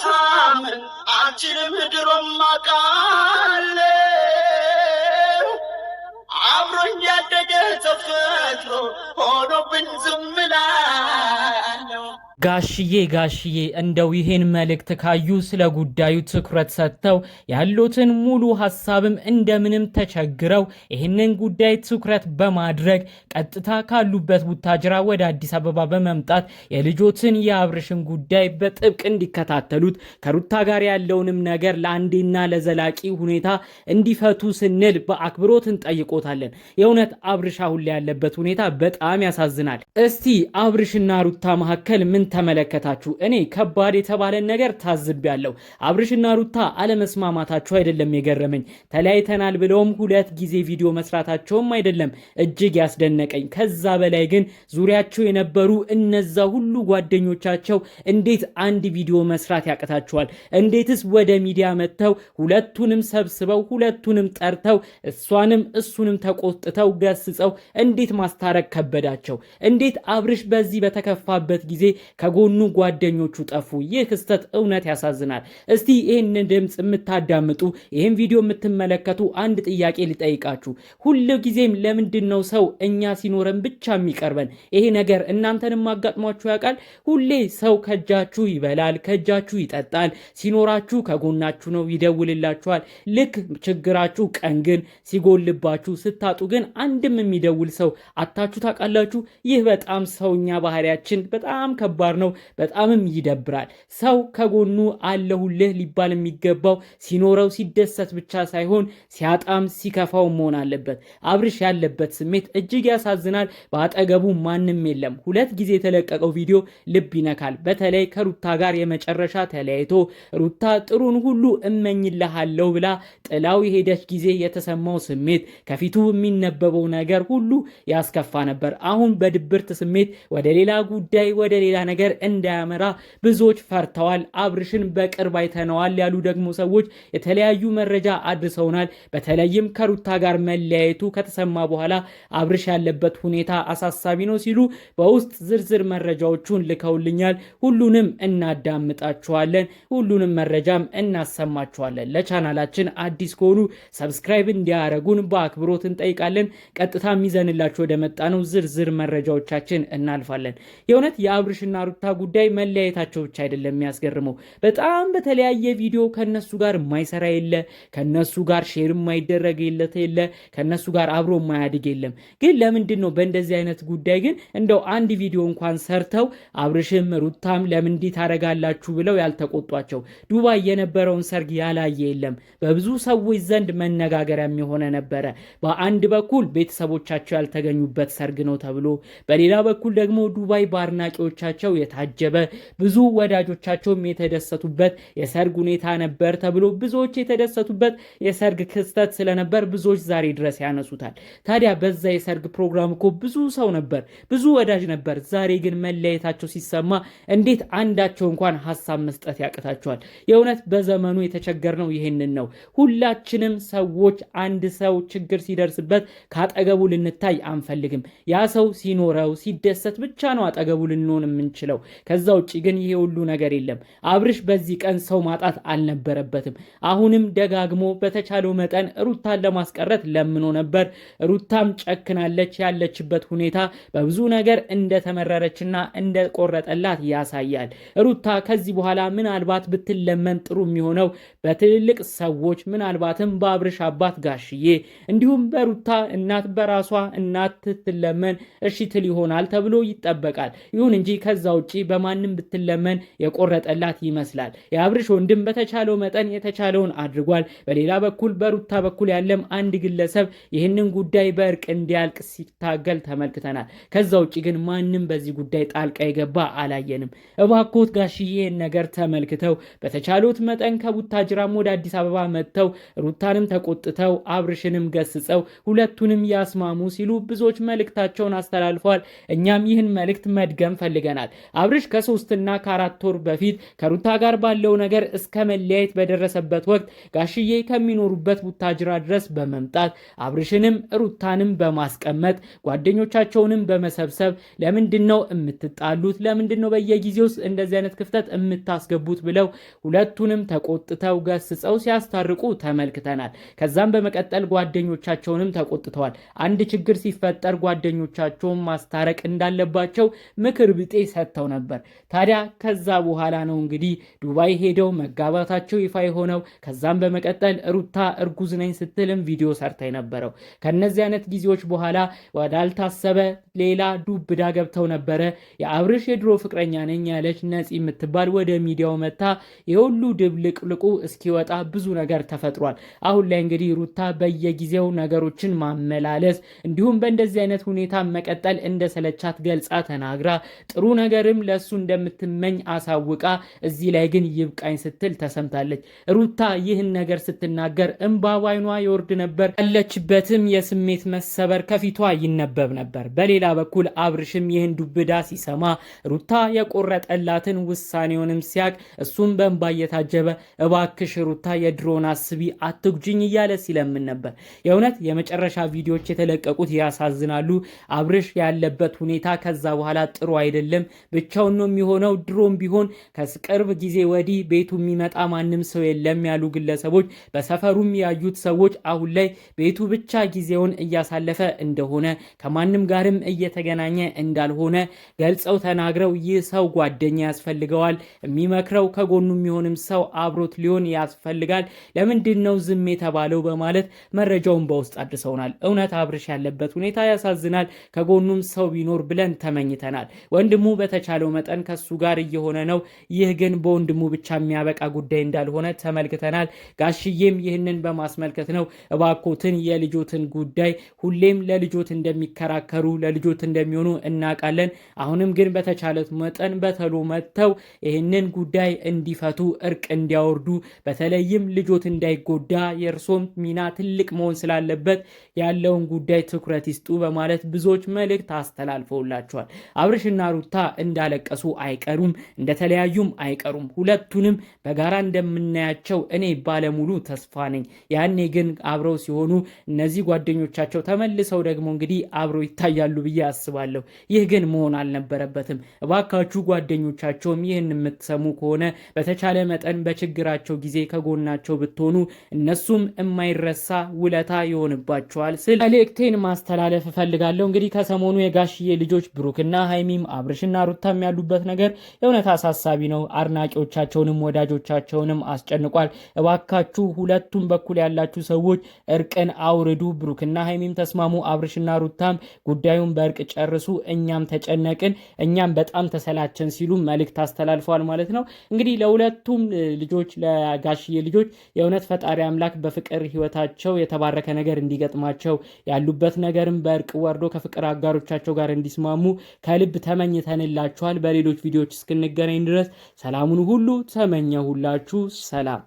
ሳምን አንቺን ምድሮም አውቃለሁ። አብሮኝ ያደገ ተፈጥሮ ሆኖብኝ ዝም እላለሁ። ጋሽዬ ጋሽዬ እንደው ይሄን መልእክት ካዩ ስለ ጉዳዩ ትኩረት ሰጥተው ያሉትን ሙሉ ሀሳብም እንደምንም ተቸግረው ይህንን ጉዳይ ትኩረት በማድረግ ቀጥታ ካሉበት ቡታጅራ ወደ አዲስ አበባ በመምጣት የልጆትን የአብርሽን ጉዳይ በጥብቅ እንዲከታተሉት ከሩታ ጋር ያለውንም ነገር ለአንዴና ለዘላቂ ሁኔታ እንዲፈቱ ስንል በአክብሮት እንጠይቆታለን። የእውነት አብርሽ አሁን ላይ ያለበት ሁኔታ በጣም ያሳዝናል። እስቲ አብርሽና ሩታ መካከል ምን ተመለከታችሁ? እኔ ከባድ የተባለን ነገር ታዝቤያለሁ። አብርሽና ሩታ አለመስማማታቸው አይደለም የገረመኝ፣ ተለያይተናል ብለውም ሁለት ጊዜ ቪዲዮ መስራታቸውም አይደለም እጅግ ያስደነቀኝ። ከዛ በላይ ግን ዙሪያቸው የነበሩ እነዛ ሁሉ ጓደኞቻቸው እንዴት አንድ ቪዲዮ መስራት ያቅታቸዋል? እንዴትስ ወደ ሚዲያ መጥተው ሁለቱንም ሰብስበው ሁለቱንም ጠርተው እሷንም እሱንም ተቆጥተው ገስጸው እንዴት ማስታረቅ ከበዳቸው? እንዴት አብርሽ በዚህ በተከፋበት ጊዜ ከጎኑ ጓደኞቹ ጠፉ። ይህ ክስተት እውነት ያሳዝናል። እስቲ ይህንን ድምፅ የምታዳምጡ ይህን ቪዲዮ የምትመለከቱ አንድ ጥያቄ ልጠይቃችሁ። ሁሉ ጊዜም ለምንድን ነው ሰው እኛ ሲኖረን ብቻ የሚቀርበን? ይሄ ነገር እናንተንም አጋጥሟችሁ ያውቃል? ሁሌ ሰው ከእጃችሁ ይበላል፣ ከእጃችሁ ይጠጣል፣ ሲኖራችሁ ከጎናችሁ ነው፣ ይደውልላችኋል። ልክ ችግራችሁ ቀን ግን ሲጎልባችሁ ስታጡ ግን አንድም የሚደውል ሰው አታችሁ ታውቃላችሁ? ይህ በጣም ሰውኛ ባህሪያችን በጣም ከባድ ተግባር ነው። በጣምም ይደብራል። ሰው ከጎኑ አለሁልህ ሊባል የሚገባው ሲኖረው ሲደሰት ብቻ ሳይሆን ሲያጣም ሲከፋው መሆን አለበት። አብርሽ ያለበት ስሜት እጅግ ያሳዝናል። በአጠገቡ ማንም የለም። ሁለት ጊዜ የተለቀቀው ቪዲዮ ልብ ይነካል። በተለይ ከሩታ ጋር የመጨረሻ ተለያይቶ ሩታ ጥሩን ሁሉ እመኝልሃለሁ ብላ ጥላው የሄደች ጊዜ የተሰማው ስሜት ከፊቱ የሚነበበው ነገር ሁሉ ያስከፋ ነበር። አሁን በድብርት ስሜት ወደ ሌላ ጉዳይ ወደ ሌላ ነገር እንዳያመራ ብዙዎች ፈርተዋል። አብርሽን በቅርብ አይተነዋል ያሉ ደግሞ ሰዎች የተለያዩ መረጃ አድርሰውናል። በተለይም ከሩታ ጋር መለያየቱ ከተሰማ በኋላ አብርሽ ያለበት ሁኔታ አሳሳቢ ነው ሲሉ በውስጥ ዝርዝር መረጃዎቹን ልከውልኛል። ሁሉንም እናዳምጣችኋለን። ሁሉንም መረጃም እናሰማችኋለን። ለቻናላችን አዲስ ከሆኑ ሰብስክራይብ እንዲያደረጉን በአክብሮት እንጠይቃለን። ቀጥታ ይዘንላችሁ ወደ መጣ ነው ዝርዝር መረጃዎቻችን እናልፋለን። የእውነት የአብርሽና ሩታ ጉዳይ መለያየታቸው ብቻ አይደለም የሚያስገርመው። በጣም በተለያየ ቪዲዮ ከነሱ ጋር የማይሰራ የለ፣ ከነሱ ጋር ሼር የማይደረግ የለት የለ፣ ከነሱ ጋር አብሮ የማያድግ የለም። ግን ለምንድን ነው በእንደዚህ አይነት ጉዳይ ግን እንደው አንድ ቪዲዮ እንኳን ሰርተው አብርሽም ሩታም ለምን እንዲህ ታደርጋላችሁ ብለው ያልተቆጧቸው? ዱባይ የነበረውን ሰርግ ያላየ የለም። በብዙ ሰዎች ዘንድ መነጋገሪያ የሆነ ነበረ። በአንድ በኩል ቤተሰቦቻቸው ያልተገኙበት ሰርግ ነው ተብሎ፣ በሌላ በኩል ደግሞ ዱባይ በአድናቂዎቻቸው በደስታቸው የታጀበ ብዙ ወዳጆቻቸውም የተደሰቱበት የሰርግ ሁኔታ ነበር ተብሎ ብዙዎች የተደሰቱበት የሰርግ ክስተት ስለነበር ብዙዎች ዛሬ ድረስ ያነሱታል። ታዲያ በዛ የሰርግ ፕሮግራም እኮ ብዙ ሰው ነበር፣ ብዙ ወዳጅ ነበር። ዛሬ ግን መለያየታቸው ሲሰማ እንዴት አንዳቸው እንኳን ሀሳብ መስጠት ያቅታቸዋል? የእውነት በዘመኑ የተቸገርነው ይህንን ነው። ሁላችንም ሰዎች አንድ ሰው ችግር ሲደርስበት ከአጠገቡ ልንታይ አንፈልግም። ያ ሰው ሲኖረው ሲደሰት ብቻ ነው አጠገቡ ልንሆን የምንችል የምንችለው። ከዛ ውጭ ግን ይሄ ሁሉ ነገር የለም። አብርሽ በዚህ ቀን ሰው ማጣት አልነበረበትም። አሁንም ደጋግሞ በተቻለው መጠን ሩታን ለማስቀረት ለምኖ ነበር። ሩታም ጨክናለች። ያለችበት ሁኔታ በብዙ ነገር እንደተመረረችና እንደቆረጠላት ያሳያል። ሩታ ከዚህ በኋላ ምናልባት ብትለመን ጥሩ የሚሆነው በትልልቅ ሰዎች ምናልባትም በአብርሽ አባት ጋሽዬ፣ እንዲሁም በሩታ እናት በራሷ እናት ትትለመን እሺ ትል ይሆናል ተብሎ ይጠበቃል። ይሁን እንጂ ከዛ ከዛ ውጪ በማንም ብትለመን የቆረጠላት ይመስላል። የአብርሽ ወንድም በተቻለው መጠን የተቻለውን አድርጓል። በሌላ በኩል በሩታ በኩል ያለም አንድ ግለሰብ ይህንን ጉዳይ በእርቅ እንዲያልቅ ሲታገል ተመልክተናል። ከዛ ውጭ ግን ማንም በዚህ ጉዳይ ጣልቃ የገባ አላየንም። እባኮት ጋሽዬን ነገር ተመልክተው በተቻሉት መጠን ከቡታጅራም ወደ አዲስ አበባ መጥተው ሩታንም ተቆጥተው አብርሽንም ገስጸው ሁለቱንም ያስማሙ ሲሉ ብዙዎች መልእክታቸውን አስተላልፈዋል። እኛም ይህን መልእክት መድገም ፈልገናል። አብርሽ ከሶስትና ከአራት ወር በፊት ከሩታ ጋር ባለው ነገር እስከ መለያየት በደረሰበት ወቅት ጋሽዬ ከሚኖሩበት ቡታጅራ ድረስ በመምጣት አብርሽንም ሩታንም በማስቀመጥ ጓደኞቻቸውንም በመሰብሰብ ለምንድን ነው የምትጣሉት? ለምንድን ነው በየጊዜው እንደዚህ አይነት ክፍተት የምታስገቡት? ብለው ሁለቱንም ተቆጥተው ገስጸው ሲያስታርቁ ተመልክተናል። ከዛም በመቀጠል ጓደኞቻቸውንም ተቆጥተዋል። አንድ ችግር ሲፈጠር ጓደኞቻቸውን ማስታረቅ እንዳለባቸው ምክር ብጤ ሰጥተው ነበር። ታዲያ ከዛ በኋላ ነው እንግዲህ ዱባይ ሄደው መጋባታቸው ይፋ የሆነው። ከዛም በመቀጠል ሩታ እርጉዝ ነኝ ስትልም ቪዲዮ ሰርታ የነበረው። ከነዚህ አይነት ጊዜዎች በኋላ ወዳልታሰበ ሌላ ዱብዳ ገብተው ነበረ። የአብርሽ የድሮ ፍቅረኛ ነኝ ያለች ነፂ የምትባል ወደ ሚዲያው መታ የሁሉ ድብልቅልቁ እስኪወጣ ብዙ ነገር ተፈጥሯል። አሁን ላይ እንግዲህ ሩታ በየጊዜው ነገሮችን ማመላለስ እንዲሁም በእንደዚህ አይነት ሁኔታ መቀጠል ሰለቻት ገልጻ ተናግራ ጥሩ ነገር ነገርም ለእሱ እንደምትመኝ አሳውቃ እዚህ ላይ ግን ይብቃኝ ስትል ተሰምታለች። ሩታ ይህን ነገር ስትናገር እምባ ባይኗ ይወርድ ነበር፣ ያለችበትም የስሜት መሰበር ከፊቷ ይነበብ ነበር። በሌላ በኩል አብርሽም ይህን ዱብዳ ሲሰማ ሩታ የቆረጠላትን ውሳኔውንም ሲያቅ እሱም በእንባ እየታጀበ እባክሽ ሩታ የድሮን አስቢ አትጉጅኝ እያለ ሲለምን ነበር። የእውነት የመጨረሻ ቪዲዮዎች የተለቀቁት ያሳዝናሉ። አብርሽ ያለበት ሁኔታ ከዛ በኋላ ጥሩ አይደለም። ብቻውን ነው የሚሆነው። ድሮም ቢሆን ከቅርብ ጊዜ ወዲህ ቤቱ የሚመጣ ማንም ሰው የለም ያሉ ግለሰቦች በሰፈሩም ያዩት ሰዎች አሁን ላይ ቤቱ ብቻ ጊዜውን እያሳለፈ እንደሆነ ከማንም ጋርም እየተገናኘ እንዳልሆነ ገልጸው ተናግረው ይህ ሰው ጓደኛ ያስፈልገዋል፣ የሚመክረው ከጎኑ የሚሆንም ሰው አብሮት ሊሆን ያስፈልጋል፣ ለምንድን ነው ዝም የተባለው በማለት መረጃውን በውስጥ አድርሰውናል። እውነት አብርሽ ያለበት ሁኔታ ያሳዝናል፣ ከጎኑም ሰው ቢኖር ብለን ተመኝተናል። ወንድሙ በተቻለው መጠን ከሱ ጋር እየሆነ ነው። ይህ ግን በወንድሙ ብቻ የሚያበቃ ጉዳይ እንዳልሆነ ተመልክተናል። ጋሽዬም ይህንን በማስመልከት ነው እባኮትን የልጆትን ጉዳይ ሁሌም ለልጆት እንደሚከራከሩ ለልጆት እንደሚሆኑ እናውቃለን። አሁንም ግን በተቻለት መጠን በተሎ መጥተው ይህንን ጉዳይ እንዲፈቱ እርቅ እንዲያወርዱ በተለይም ልጆት እንዳይጎዳ የእርሶም ሚና ትልቅ መሆን ስላለበት ያለውን ጉዳይ ትኩረት ይስጡ በማለት ብዙዎች መልእክት አስተላልፈውላቸዋል። አብርሽና ሩታ እንዳለቀሱ አይቀሩም፣ እንደተለያዩም አይቀሩም። ሁለቱንም በጋራ እንደምናያቸው እኔ ባለሙሉ ተስፋ ነኝ። ያኔ ግን አብረው ሲሆኑ እነዚህ ጓደኞቻቸው ተመልሰው ደግሞ እንግዲህ አብረው ይታያሉ ብዬ አስባለሁ። ይህ ግን መሆን አልነበረበትም። እባካችሁ ጓደኞቻቸውም ይህን የምትሰሙ ከሆነ በተቻለ መጠን በችግራቸው ጊዜ ከጎናቸው ብትሆኑ እነሱም የማይረሳ ውለታ ይሆንባቸዋል ስል መልእክቴን ማስተላለፍ እፈልጋለሁ። እንግዲህ ከሰሞኑ የጋሽዬ ልጆች ብሩክና ሀይሚም አብርሽና ሩታም ያሉበት ነገር የእውነት አሳሳቢ ነው። አድናቂዎቻቸውንም ወዳጆቻቸውንም አስጨንቋል። እባካችሁ ሁለቱም በኩል ያላችሁ ሰዎች እርቅን አውርዱ፣ ብሩክና ሀይሚም ተስማሙ፣ አብርሽና ሩታም ጉዳዩን በእርቅ ጨርሱ፣ እኛም ተጨነቅን፣ እኛም በጣም ተሰላቸን ሲሉ መልእክት አስተላልፈዋል ማለት ነው። እንግዲህ ለሁለቱም ልጆች ለጋሽዬ ልጆች የእውነት ፈጣሪ አምላክ በፍቅር ህይወታቸው የተባረከ ነገር እንዲገጥማቸው ያሉበት ነገርም በእርቅ ወርዶ ከፍቅር አጋሮቻቸው ጋር እንዲስማሙ ከልብ ተመኝተንል ይሆንላችኋል። በሌሎች ቪዲዮዎች እስክንገናኝ ድረስ ሰላሙን ሁሉ ተመኘሁላችሁ። ሰላም